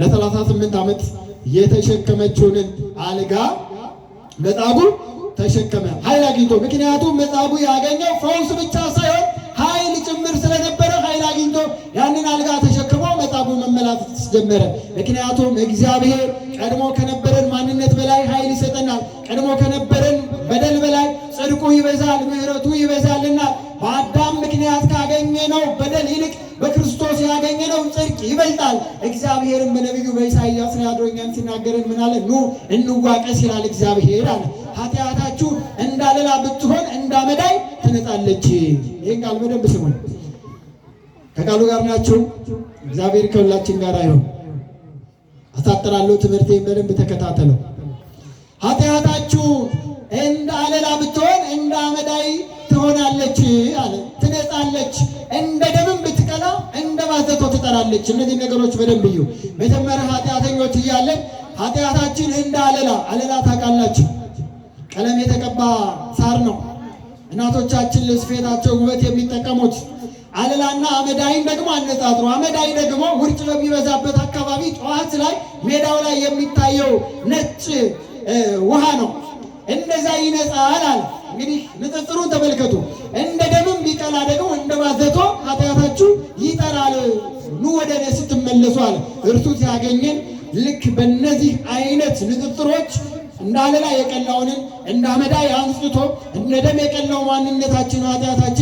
ለሰላሳ ስምንት ዓመት የተሸከመችውን አልጋ መጻጉዕ ተሸከመ። ኃይል አግኝቶ ምክንያቱም መጻጉዕ ያገኘው ፈውስ ብቻ ሳይሆን ኃይል ጭምር ስለነበረ ኃይል አግኝቶ ያንን አልጋ ተሸክሞ መጻጉዕ መመላት ጀመረ። ምክንያቱም እግዚአብሔር ቀድሞ ከነበረን ማንነት በላይ ኃይል ይሰጠናል። ቀድሞ ከነበረን በደል በላይ ጽድቁ ይበዛል፣ ምሕረቱ ይበዛልና በአዳም ምክንያት ነው በደል ይልቅ ያገኘነውም ጽድቅ ይበልጣል። እግዚአብሔርም በነቢዩ በኢሳይያስ ላይ አድሮ እኛን ሲናገረን ምን አለ? ኑ እንዋቀስ ይላል እግዚአብሔር አለ። ኃጢአታችሁ እንዳለላ ብትሆን እንዳመዳይ ትነጣለች። ይህን ቃል በደንብ ስሙን። ከቃሉ ጋር ናችሁ። እግዚአብሔር ከሁላችን ጋር ይሁን። አሳጥራለሁ። ትምህርቴን በደንብ ተከታተለው። ኃጢአታችሁ እንደ አለላ ብትሆን እንደ አመዳይ ትሆናለች አለ፣ ትነጻለች እንደ ትሰራለች። እነዚህ ነገሮች በደንብ እዩ። መጀመሪያ ኃጢአተኞች እያለን ኃጢአታችን እንደ አለላ አለላ ታውቃላችሁ፣ ቀለም የተቀባ ሳር ነው። እናቶቻችን ለስፌታቸው ውበት የሚጠቀሙት አለላና አመዳይን ደግሞ አነጣጥሩ አመዳይ ደግሞ ውርጭ በሚበዛበት አካባቢ ጠዋት ላይ ሜዳው ላይ የሚታየው ነጭ ውሃ ነው። እንደዛ ይነጻል አለ። እንግዲህ ንጽጽሩን ተመልከቱ። እንደ ደምም ቢቀላ ደግሞ እንደ ባዘቶ ኃጢአታችሁ ሲመለሱ እርሱ ሲያገኘን ልክ በእነዚህ አይነት ንጥጥሮች እንዳለላ የቀላውንን እንዳመዳ የአንጽቶ እንደ ደም የቀላው ማንነታችን ኃጢአታችን